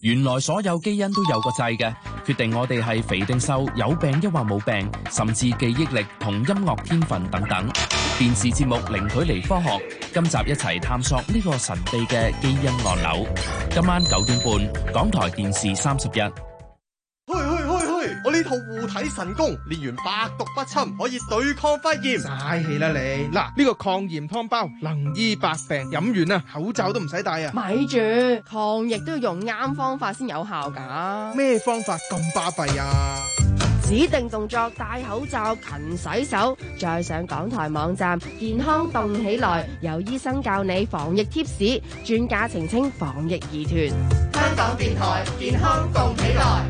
原來所有基因都有個掣嘅，決定我哋係肥定瘦，有病抑或冇病，甚至記憶力同音樂天分等等。電視節目零距離科學，今集一齊探索呢個神秘嘅基因按鈕。今晚九點半，港台電視三十日。護體神功，練完百毒不侵，可以對抗肺炎。晒氣啦你！嗱，呢個抗炎湯包能醫百病，飲完啊，口罩都唔使戴啊。咪住，抗疫都要用啱方法先有效㗎。咩方法咁巴閉啊？指定動作，戴口罩，勤洗手，再上港台網站，健康動起來，有醫生教你防疫貼士，專家澄清防疫疑團。香港電台，健康動起來。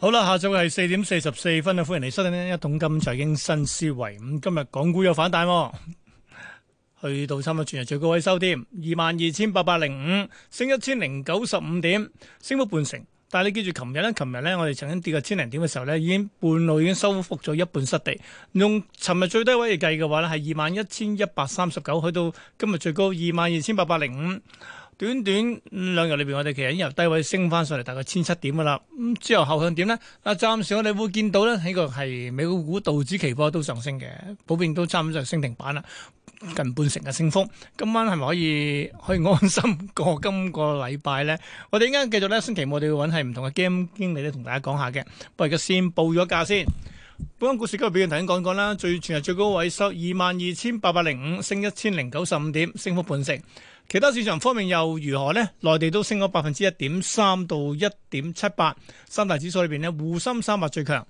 好啦，下晝係四點四十四分啊！歡迎嚟收聽一桶金財經新思維。咁今日港股有反彈，哦，去到三日全日最高位收點二萬二千八百零五，22, 5, 升一千零九十五點，升幅半成。但係你記住，琴日呢，琴日呢，我哋曾經跌過千零點嘅時候呢，已經半路已經收復咗一半失地。用尋日最低位嚟計嘅話呢，係二萬一千一百三十九，21, 9, 去到今日最高二萬二千八百零五。短短、嗯、兩日裏邊，我哋其實已經由低位升翻上嚟，大概千七點噶啦。咁、嗯、之後後向點呢？啊，暫時我哋會見到咧，呢、這個係美股股道指期貨都上升嘅，普遍都差唔多升停板啦，近半成嘅升幅。今晚係咪可以可以安心過今個禮拜咧？我哋依家繼續咧，星期我哋要揾係唔同嘅基金經理咧，同大家講下嘅。不如先報咗價先。本港股市今日表現頭先講過啦，最全日最高位收二萬二千八百零五，升一千零九十五點，升幅半成。其他市場方面又如何呢？內地都升咗百分之一點三到一點七八，三大指數裏邊呢，滬深三百最強。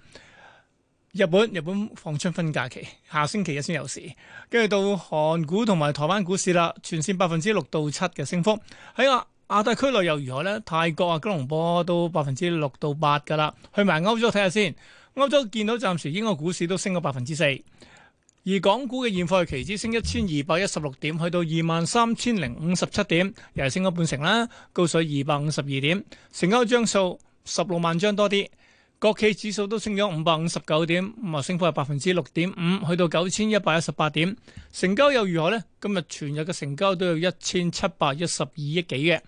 日本日本放春分假期，下星期一先有市。跟住到韓股同埋台灣股市啦，全線百分之六到七嘅升幅。喺亞亞太區內又如何呢？泰國啊，吉隆坡都百分之六到八噶啦。去埋歐洲睇下先，歐洲見到暫時英國股市都升咗百分之四。而港股嘅現貨期指升一千二百一十六點，去到二萬三千零五十七點，又係升咗半成啦，高水二百五十二點，成交張數十六萬張多啲。國企指數都升咗五百五十九點，咁啊升幅係百分之六點五，去到九千一百一十八點，成交又如何呢？今日全日嘅成交都有一千七百一十二億幾嘅。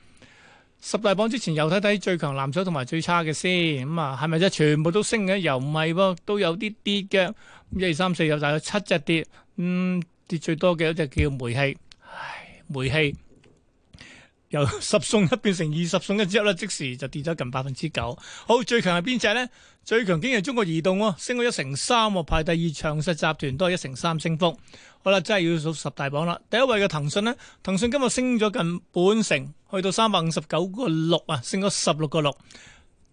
十大榜之前又睇睇最強藍籌同埋最差嘅先，咁啊係咪啫？全部都升嘅？又唔係喎，都有啲跌嘅。一二三四有大約七隻跌，嗯，跌最多嘅一隻叫煤氣，唉煤氣由十送一變成二十送一之後呢即時就跌咗近百分之九。好，最強係邊隻呢？最強竟然係中國移動喎，升咗一成三喎，排第二長實集團都係一成三升幅。好啦，真係要數十大榜啦。第一位嘅騰訊呢，騰訊今日升咗近半成，去到三百五十九個六啊，升咗十六個六。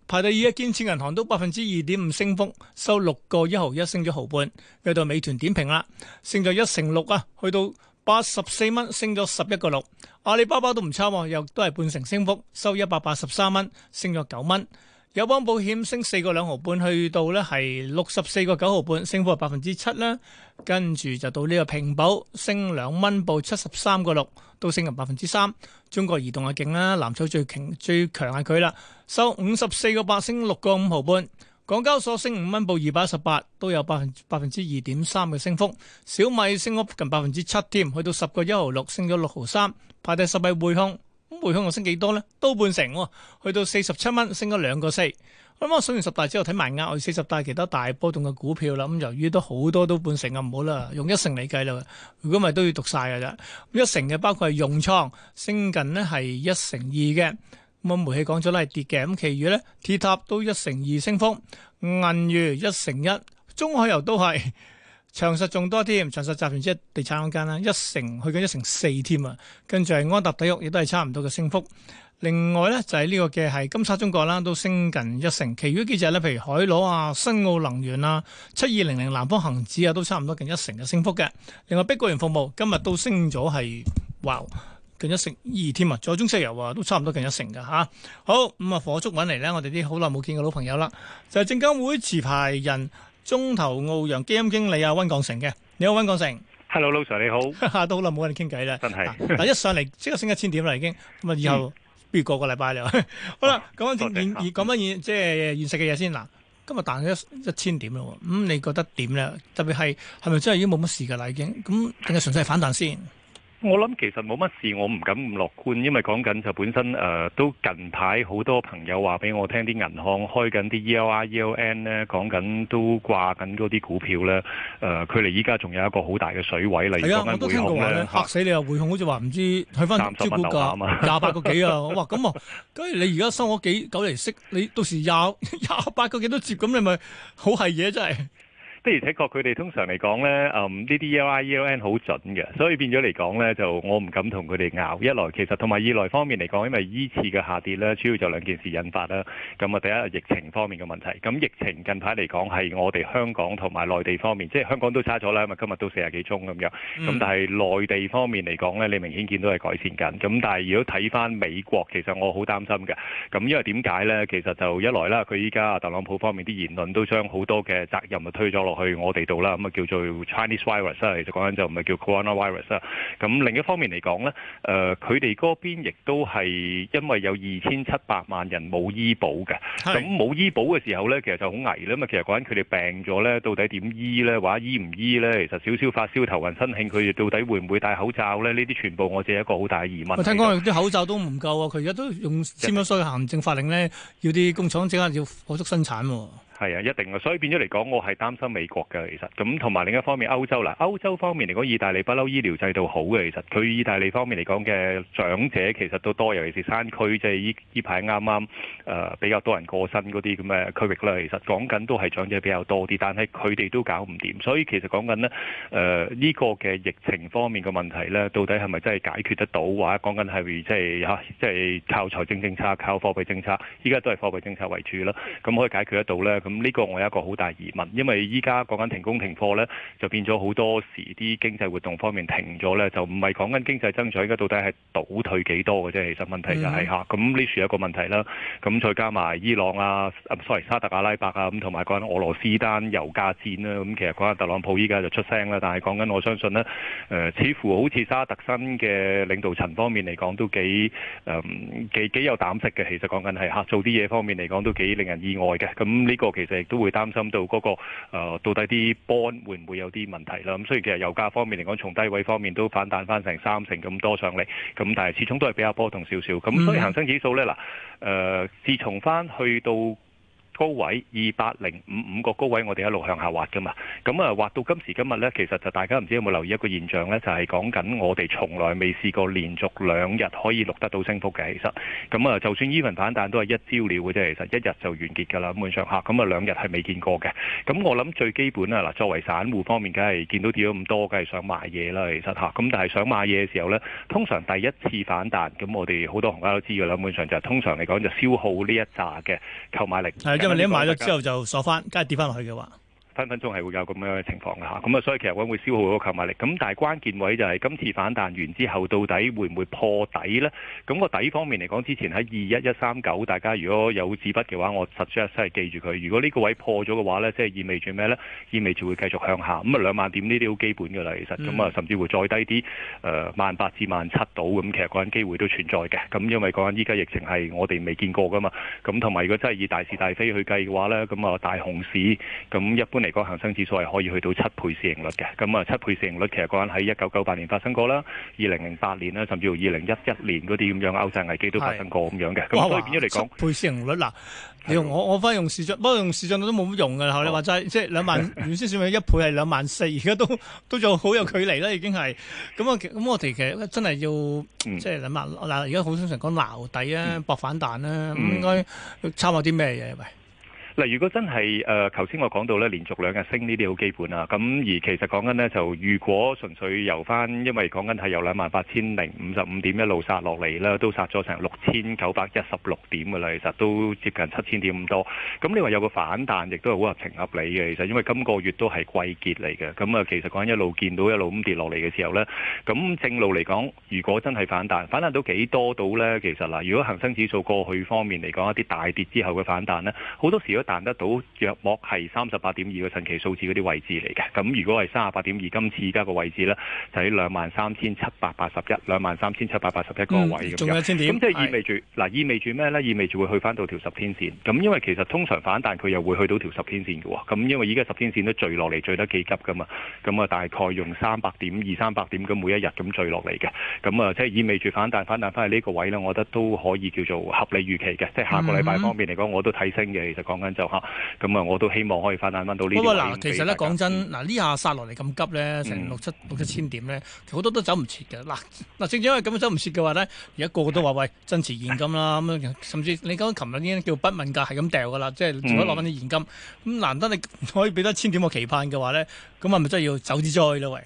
排第二嘅建設銀行都百分之二點五升幅，收六個一毫一，升咗毫半。去到美團點評啦，升咗一成六啊，去到八十四蚊，升咗十一個六。阿里巴巴都唔差，又都係半成升幅，收一百八十三蚊，升咗九蚊。友邦保險升四個兩毫半，去到咧係六十四個九毫半，升幅係百分之七啦。跟住就到呢個平保，升兩蚊報七十三個六，都升近百分之三。中國移動啊勁啦，藍籌最強最強係佢啦，收五十四個八，升六個五毫半。港交所升五蚊報二百一十八，都有百分百分之二點三嘅升幅。小米升幅近百分之七添，去到十個一毫六，升咗六毫三，排第十位匯控。匯香我升幾多咧？都半成，去到四十七蚊，升咗兩個四。咁我數完十大之後，睇埋額外四十大其他大波動嘅股票啦。咁由於都好多都半成咁，唔好啦，用一成嚟計啦。如果咪都要讀晒噶咋？咁一成嘅包括係融創升緊咧係一成二嘅。咁啊，煤氣講咗啦係跌嘅，咁其餘咧鐵塔都一成二升幅，銀娛一成一，中海油都係。長實仲多添，長實集團即係地產嗰間啦，一成去緊一成四添啊！跟住係安踏體育，亦都係差唔多嘅升幅。另外咧就係、是、呢個嘅係金沙中國啦，都升近一成。其餘幾隻咧，譬如海螺啊、新奧能源啊、七二零零南方恒指啊，都差唔多近一成嘅升幅嘅。另外碧桂園服務今日都升咗係話近一成二添啊！再中石油啊，都差唔多近一成嘅吓、啊，好，咁、嗯、啊火速揾嚟咧，我哋啲好耐冇見嘅老朋友啦，就係、是、證監會持牌人。中投傲揚基金經理啊溫鋼城嘅，你好溫鋼城，Hello 老細你好， 都好耐冇跟你傾偈啦，真係是嗱、 啊、一上嚟即刻升一千點啦已經，咁啊以後、嗯、不如過個個禮拜嚟， 好啦，講翻現現講翻現即係現實嘅嘢先嗱，今日彈咗一一千點啦，咁、嗯、你覺得點咧？特別係係咪真係已經冇乜事噶啦已經？咁定係純粹反彈先？我諗其實冇乜事，我唔敢唔樂觀，因為講緊就本身誒都近排好多朋友話俾我聽，啲銀行開緊啲 ELI ELN 咧，講緊都掛緊嗰啲股票咧，誒距離依家仲有一個好大嘅水位嚟講緊匯控咧，嚇死你啊！匯控好似話唔知睇翻招股價廿八個幾啊！哇，咁啊，咁你而家收我幾九釐息，你到時廿廿八個幾都接，咁你咪好係嘢真係。的而且確，佢哋通常嚟講呢，呢啲 ELN 好準嘅，所以變咗嚟講呢，就我唔敢同佢哋拗。一來其實同埋二來方面嚟講，因為依次嘅下跌呢，主要就兩件事引發啦。咁啊，第一疫情方面嘅問題。咁疫情近排嚟講係我哋香港同埋內地方面，即係香港都差咗啦，因為今日都四十幾宗咁樣。咁、mm. 但係內地方面嚟講呢，你明顯見到係改善緊。咁但係如果睇翻美國，其實我好擔心嘅。咁因為點解呢？其實就一來啦，佢依家特朗普方面啲言論都將好多嘅責任啊推咗落去我哋度啦，咁啊叫做 Chinese virus 啊，其實講緊就唔係叫 Corona virus 啊。咁另一方面嚟講咧，誒佢哋嗰邊亦都係因為有二千七百萬人冇醫保嘅，咁冇醫保嘅時候咧，其實就好危啦。咁啊，其實講緊佢哋病咗咧，到底點醫咧？話醫唔醫咧？其實少少發燒、頭暈、身慶，佢哋到底會唔會戴口罩咧？呢啲全部我哋一個好大嘅疑問。聽講啲口罩都唔夠啊，佢而家都用簽咗所謂行政法令咧，要啲工廠即刻要火速生產喎。係啊，一定啊，所以變咗嚟講，我係擔心美國嘅其實咁，同埋另一方面歐洲嗱，歐洲方面嚟講，意大利不嬲醫療制度好嘅，其實佢意大利方面嚟講嘅長者其實都多，尤其是山區即係依依排啱啱誒比較多人過身嗰啲咁嘅區域啦。其實講緊都係長者比較多啲，但係佢哋都搞唔掂，所以其實講緊呢誒呢個嘅疫情方面嘅問題呢，到底係咪真係解決得到？話講緊係即係嚇，即、啊、係、即係、靠財政政策、靠貨幣政策，依家都係貨幣政策為主啦，咁可以解決得到呢？咁呢個我有一個好大疑問，因為依家講緊停工停課呢，就變咗好多時啲經濟活動方面停咗呢，就唔係講緊經濟增長，依家到底係倒退幾多嘅啫？其實問題就係、是、嚇，咁呢、mm. 處有一個問題啦。咁再加埋伊朗啊，啊 sorry 沙特阿拉伯啊，咁同埋講緊俄羅斯單油價戰啦。咁其實講緊特朗普依家就出聲啦，但係講緊我相信呢，誒、呃、似乎好似沙特新嘅領導層方面嚟講都幾誒幾幾有膽識嘅。其實講緊係嚇做啲嘢方面嚟講都幾令人意外嘅。咁呢、這個其實亦都會擔心到嗰個、那個、呃、到底啲波會唔會有啲問題啦？咁所以其實油價方面嚟講，從低位方面都反彈翻成三成咁多上嚟，咁但係始終都係比較波動少少。咁所以恆生指數呢，嗱，誒，自從翻去到。高位二百零五五個高位，我哋一路向下滑噶嘛。咁、嗯、啊，滑到今時今日呢，其實就大家唔知有冇留意一個現象呢？就係、是、講緊我哋從來未試過連續兩日可以錄得到升幅嘅。其實咁啊、嗯，就算依輪反彈都係一招了嘅啫。其實一日就完結㗎啦，咁上下，咁、嗯、啊，兩日係未見過嘅。咁、嗯、我諗最基本啊嗱，作為散戶方面，梗係見到跌咗咁多，梗係想買嘢啦。其實嚇，咁、嗯、但係想買嘢嘅時候呢，通常第一次反彈，咁我哋好多行家都知嘅啦。本上就係、是、通常嚟講就消耗呢一紮嘅購買力。因為你買咗之後就鎖翻，假如跌翻落去嘅話。分分鐘係會有咁樣嘅情況㗎嚇，咁、嗯、啊所以其實會消耗嗰個購買力。咁但係關鍵位就係、是、今次反彈完之後，到底會唔會破底呢？咁、嗯、個底方面嚟講，之前喺二一一三九，大家如果有紙筆嘅話，我 suggest 都係記住佢。如果呢個位破咗嘅話呢，即係意味住咩呢？意味住會繼續向下。咁啊兩萬點呢啲好基本㗎啦，其實咁啊、嗯嗯嗯、甚至會再低啲，誒萬八至萬七度咁，其實嗰種機會都存在嘅。咁、嗯、因為講緊依家疫情係我哋未見過㗎嘛，咁同埋如果真係以大是大非去計嘅話呢，咁、嗯、啊大熊市咁、嗯、一般。嚟講，恒生指數係可以去到七倍市盈率嘅。咁啊，七倍市盈率其實嗰陣喺一九九八年發生過啦，二零零八年啦，甚至乎二零一一年嗰啲咁樣歐債危機都發生過咁樣嘅。咁所以變咗嚟講，呃呃、倍市盈率嗱、啊的，我我反而用市漲，不過用市漲率都冇乜用嘅。然後你話齋即係兩萬原先市面一倍係兩萬四，而家都都仲好有距離啦，已經係。咁啊，咁我哋其實真係要即係兩萬嗱，而家好經常講撈底啊、博、嗯、反彈啦，咁應該參考啲咩嘢？喂嗱，如果真係誒，頭、呃、先我講到咧，連續兩日升呢啲好基本啊。咁、嗯、而其實講緊呢，就如果純粹由翻，因為講緊係由兩萬八千零五十五點一路殺落嚟啦，都殺咗成六千九百一十六點㗎啦，其實都接近七千點咁多。咁、嗯、你話有個反彈，亦都係好合情合理嘅。其實因為今個月都係季結嚟嘅，咁、嗯、啊，其實講緊一路見到一路咁跌落嚟嘅時候呢，咁、嗯、正路嚟講，如果真係反彈，反彈到幾多到呢？其實嗱、呃，如果恒生指數過去方面嚟講，一啲大跌之後嘅反彈呢，好多時彈得到約莫係三十八點二個神奇數字嗰啲位置嚟嘅，咁如果係三十八點二，今次而家個位置呢，就喺兩萬三千七百八十一、兩萬三千七百八十一個位咁樣，嗯。仲有千點？咁即係意味住嗱是，意味住咩呢？意味住會去翻到條十天線。咁因為其實通常反彈佢又會去到條十天線嘅喎。咁因為而家十天線都墜落嚟，墜得幾急噶嘛。咁啊，大概用三百點、二三百點咁每一日咁墜落嚟嘅。咁啊，即係意味住反彈，反彈翻喺呢個位呢，我覺得都可以叫做合理預期嘅。即係下個禮拜方面嚟講，嗯、哼我都睇升嘅。其實講緊。就嚇，咁啊，我都希望可以反彈翻到呢樣嘅比例。嗱，其實咧講真，嗱呢下殺落嚟咁急咧，成六七六七千點咧，好多都走唔切嘅。嗱嗱，正正因為咁樣走唔切嘅話咧，而家個個都話喂，增持現金啦，咁啊，甚至你講琴日已經叫不問價係咁掉㗎啦，即係如果攞翻啲現金。咁難得你可以俾多千點嘅期盼嘅話咧，咁係咪真係要走啲災囉？喂！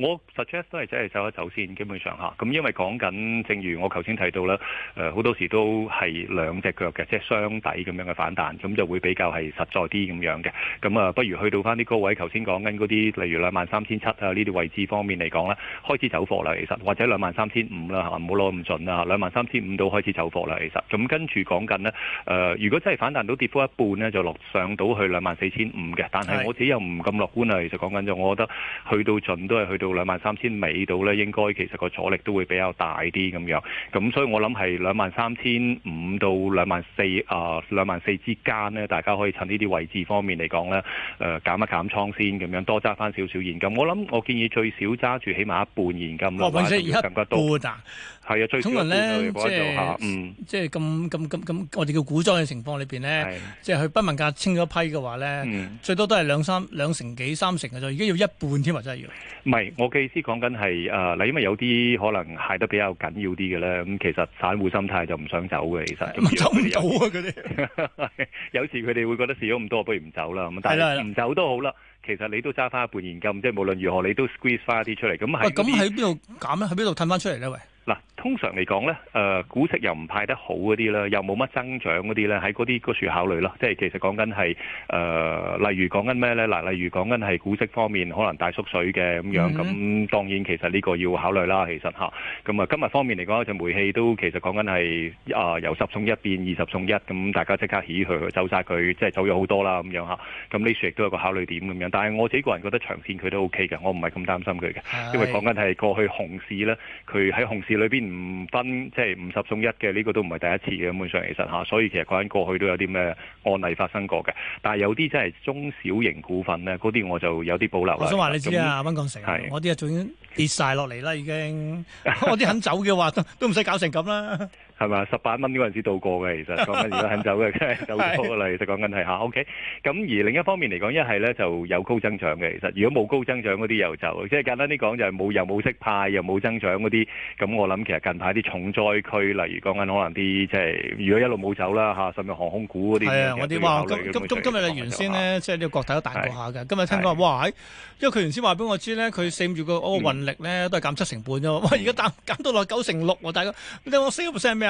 我 suggest 都係真係走一走先，基本上嚇，咁因為講緊，正如我頭先提到啦，誒、呃、好多時都係兩隻腳嘅，即係雙底咁樣嘅反彈，咁就會比較係實在啲咁樣嘅。咁啊，不如去到翻啲高位，頭先講緊嗰啲，例如兩萬三千七啊呢啲位置方面嚟講啦，開始走貨啦，其實或者兩萬三千五啦嚇，唔好攞咁盡啦，兩萬三千五都開始走貨啦，其實。咁跟住講緊呢，誒、呃、如果真係反彈到跌幅一半呢，就落上到去兩萬四千五嘅。但係我自己又唔咁樂觀啊，其實講緊就我覺得去到盡都係去到。2> 到兩萬三千尾到咧，應該其實個阻力都會比較大啲咁樣。咁所以我諗係兩萬三千五到兩萬四啊、呃，兩萬四之間咧，大家可以趁呢啲位置方面嚟講呢誒減、呃、一減倉先咁樣，多揸翻少少現金。我諗我建議最少揸住起碼一半現金啦，或者更加多。係啊，通常咧即係是、嗯、即係咁咁咁咁，我哋叫股災嘅情況裏邊呢，即係佢不問價清咗一批嘅話呢，最多都係兩三兩成幾三成嘅啫，而家要一半添啊，真係要。唔係、嗯。嗯我嘅意思講緊係誒，嗱、呃，因為有啲可能係得比較緊要啲嘅咧，咁其實散戶心態就唔想走嘅，其實。咁啊，走唔到啊，嗰啲。有時佢哋會覺得試咗咁多，不如唔走啦。咁但係唔走都好啦，其實你都揸翻一半現金，即係無論如何，你都 squeeze 翻一啲出嚟。咁喺咁喺邊度減咧？喺邊度褪翻出嚟咧？喂？嗱，通常嚟講咧，誒股息又唔派得好嗰啲咧，又冇乜增長嗰啲咧，喺嗰啲嗰處考慮咯。即係其實講緊係誒，例如講緊咩咧？嗱，例如講緊係股息方面可能大縮水嘅咁樣，咁當然其實呢個要考慮啦。其實嚇，咁啊今日方面嚟講，隻煤氣都其實講緊係啊由十送一變二十送一，咁大家即刻起佢走曬佢，即係走咗好多啦咁樣嚇。咁呢處亦都有個考慮點咁樣，但係我自己個人覺得長線佢都 OK 嘅，我唔係咁擔心佢嘅，因為講緊係過去熊市咧，佢喺熊市。裏邊唔分即係五十送一嘅呢，這個都唔係第一次嘅，基本上其實嚇，所以其實講緊過去都有啲咩案例發生過嘅。但係有啲真係中小型股份咧，嗰啲我就有啲保留。我想話你知總啊，溫鋼城，是我啲啊仲跌晒落嚟啦，已經我啲肯走嘅話 都唔使搞成咁啦。係咪？十八蚊嗰陣時到過嘅，其實講緊而家肯走嘅，走唔多嘅啦。其實講緊係嚇。OK。咁而另一方面嚟講，一係咧就有高增長嘅。其實如果冇高增長嗰啲又走，即係簡單啲講就係冇又冇息派又冇增長嗰啲。咁我諗其實近排啲重災區，例如講緊可能啲即係如果一路冇走啦嚇，甚至航空股嗰啲。係啊！我哋話今今今今日你原先咧，即係啲國企都大落下嘅。今日聽講話哇，因為佢原先話俾我知咧，佢四五月個嗰個運力咧都係減七成半啫喎。哇！而家減減到落九成六喎，大哥，你話四個 percent 係咩？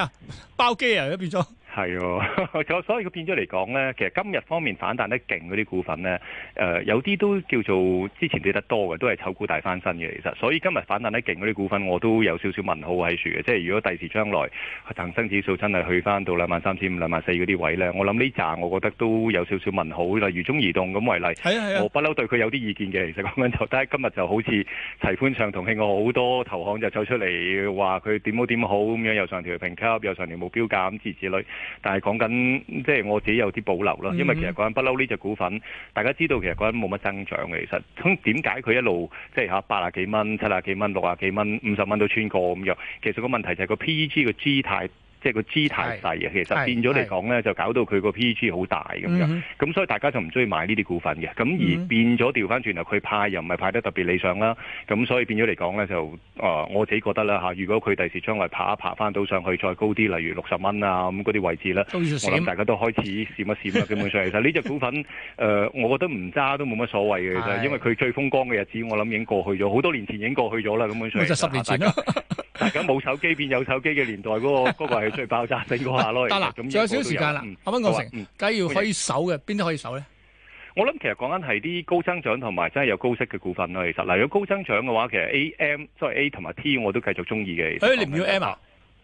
包機啊，而家變咗。係，就所以佢變咗嚟講呢。其實今日方面反彈得勁嗰啲股份呢，誒、呃、有啲都叫做之前跌得多嘅，都係醜股大翻身嘅。其實，所以今日反彈得勁嗰啲股份，我都有少少問號喺處嘅。即係如果第時將來恒生指數真係去翻到兩萬三千五、兩萬四嗰啲位呢，我諗呢扎，我覺得都有少少問號。例如中移動咁為例，的我不嬲對佢有啲意見嘅。其實講緊就，得。但係今日就好似齊歡唱同慶我好多投行就走出嚟話佢點好點好咁樣，又上調評級，又上調目標價咁之類。但係講緊，即係我自己有啲保留啦，因為其實講緊不嬲呢隻股份，大家知道其實講緊冇乜增長嘅，其實咁點解佢一路即係吓八啊幾蚊、七啊幾蚊、六啊幾蚊、五十蚊都穿過咁樣？其實個問題就係個 PEG 個姿態。即係個 G 太細啊，是其實變咗嚟講咧，是就搞到佢個 PEG 好大咁、嗯、哼樣，咁所以大家就唔中意買呢啲股份嘅，咁、嗯、哼而變咗調翻轉頭，佢派又唔係派得特別理想啦，咁所以變咗嚟講咧就，啊、呃，我自己覺得啦嚇、啊，如果佢第時將來爬一爬翻到上去再高啲，例如六十蚊啊咁嗰啲位置咧，嗯、哼我諗大家都開始閃一閃啦。 基本上其實呢隻股份，誒、呃，我覺得唔揸都冇乜所謂嘅，就 因為佢最風光嘅日子，我諗已經過去咗，好多年前已經過去咗啦。根本上十年前家 大家冇手機變有手機嘅年代嗰個嗰個係最爆炸性嗰下咯。得啦，仲有少少時間啦。阿溫鋼城，梗係要可以守嘅，邊啲可以守咧？我諗其實講緊係啲高增長同埋真係有高息嘅股份咯。其實，嗱，如果高增長嘅話，其實 A M 所以 A 同埋 T 我都繼續中意嘅。誒，你唔要 M 啊！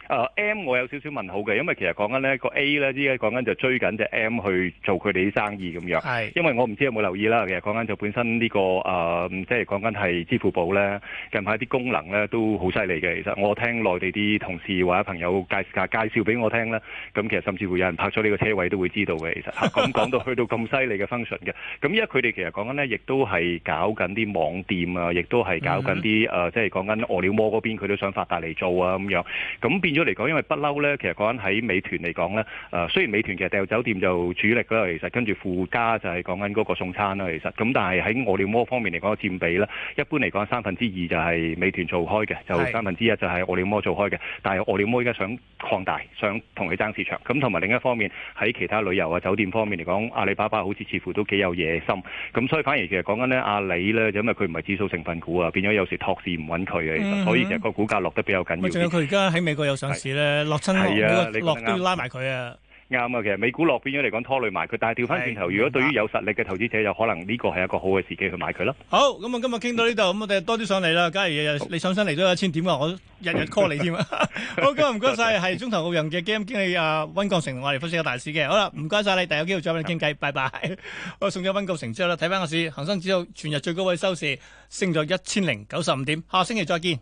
誒，M 我有少少問號嘅，因為其實講緊咧個 A 咧依家講緊就追緊隻 M 去做佢哋啲生意咁樣，因為我唔知有冇留意啦。其實講緊就本身呢個誒，即係講緊係支付寶咧近排啲功能咧都好犀利嘅。其實我聽內地啲同事或者朋友介紹下介紹俾我聽啦。咁其實甚至會有人拍咗呢個車位都會知道嘅。其實咁講到去到咁犀利嘅 function，嘅咁依家佢哋其實講緊咧，亦都係搞緊啲網店啊，亦都係搞緊啲誒，即係講緊餓了麼嗰邊，佢都想發達嚟做啊咁樣，咁變。如果嚟講，因為不嬲咧，其實講緊喺美團嚟講咧，誒、呃、雖然美團其實訂酒店就主力啦，其實跟住附加就係講緊嗰個送餐啦，其實咁但係喺餓了麼方面嚟講個佔比咧，一般嚟講三分之二就係美團做開嘅，就三分之一就係餓了麼做開嘅。但係餓了麼依家想擴大，想同佢爭市場。咁同埋另一方面喺其他旅遊啊酒店方面嚟講，阿里巴巴好似似乎都幾有野心。咁、嗯、所以反而其實講緊咧阿里咧，因為佢唔係指數成分股啊，變咗有時託市唔穩佢啊，其實所以其實個股價落得比較緊要。仲有佢而家喺美國有。有時咧落親，落都要拉埋佢啊！啱啊，其實美股落，變咗嚟講拖累埋佢。但係調翻轉頭，如果對於有實力嘅投資者，有可能呢個係一個好嘅時機去買佢咯。好，咁啊，今日傾到呢度，咁我哋多啲上嚟啦。假如你上身嚟咗一千點啊，我日日 call 你添啊！好，今日唔該曬，係中投傲揚嘅基金經理啊，溫鋼城同我哋分析個大市嘅。好啦，唔該曬你，第日有機會再揾你傾偈。拜拜！我送咗溫鋼城之後啦。睇翻個市，恆生指數全日最高位收市升咗一千零九十五點。下星期再見。